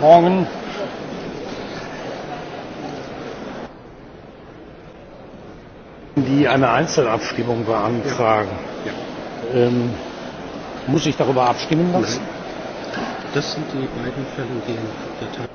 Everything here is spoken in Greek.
Morgen. Die eine Einzelabstimmung beantragen. Ähm, muss ich darüber abstimmen lassen? Das sind die beiden Fälle, die in der Tat.